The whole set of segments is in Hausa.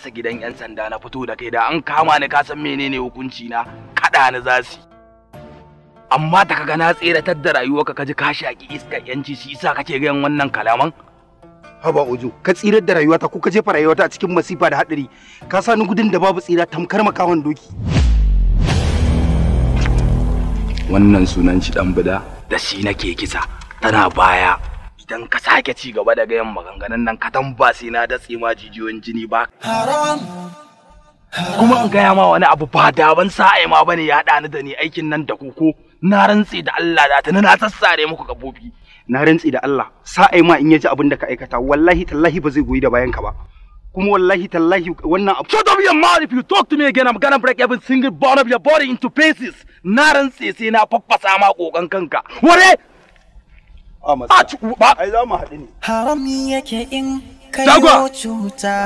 kasa gidan 'yan sanda na fito da kai da an kama ni ka san menene hukunci na kada ni za amma ta kaga na tseratar da rayuwa ka kaji ka shaki iskar yanci shi yasa kake gayan wannan kalaman haba ojo ka tsirar da rayuwata ko ka jefa rayuwata a cikin masifa da hadari ka sa ni gudun da babu tsira tamkar makawan doki wannan sunan shi dan bida da shi nake kisa tana baya idan ka sake ci gaba da gayan maganganun nan ka ba sai na datse ma jijiyoyin jini ba kuma in gaya ma wani abu ba daban sa'ai ma bane ya dani da ni aikin nan da koko na rantse da Allah da ta na sassare muku gabobi na rantse da Allah sa'ai ma in yaji abin da ka aikata wallahi tallahi ba zai goyi da bayan ka ba kuma wallahi tallahi wannan abu shut up your mouth if you talk to me again I'm gonna break every single bone of your body into pieces na rantse sai na faffasa ma kokan kanka ware Ah, yake in cuta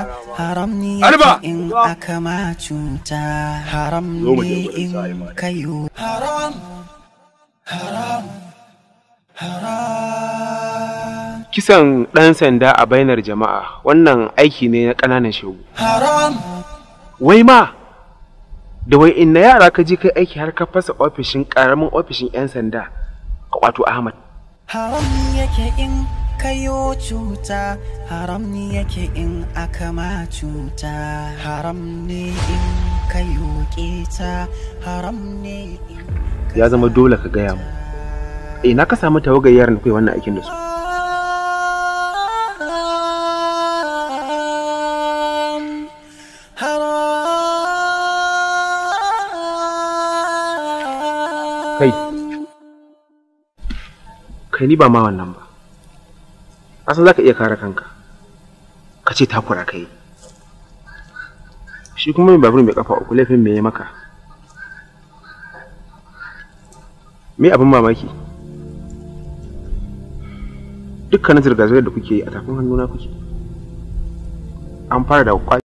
kisan ɗan sanda a bainar jama'a wannan aiki ne na ƙananan shegu haram wai ma da wai inna yara ka je kai aiki har ka fasa ofishin ƙaramin ofishin 'yan sanda wato ahmad haram yake in kayo cuta haram ni yake in aka ma cuta haram ne in kayo keta haram ne in ya zama dole ka gaya mu eh na ka samu tawagayyar na kai wannan aikin da su kai kai ni ba ma wannan ba asan za ka iya kare kanka ka ce takura ka yi shi kuma mai babur mai kafa uku laifin me ya maka me abin mamaki dukkanin zirga-zirgar da kuke yi a tafin hannuna kuke an fara da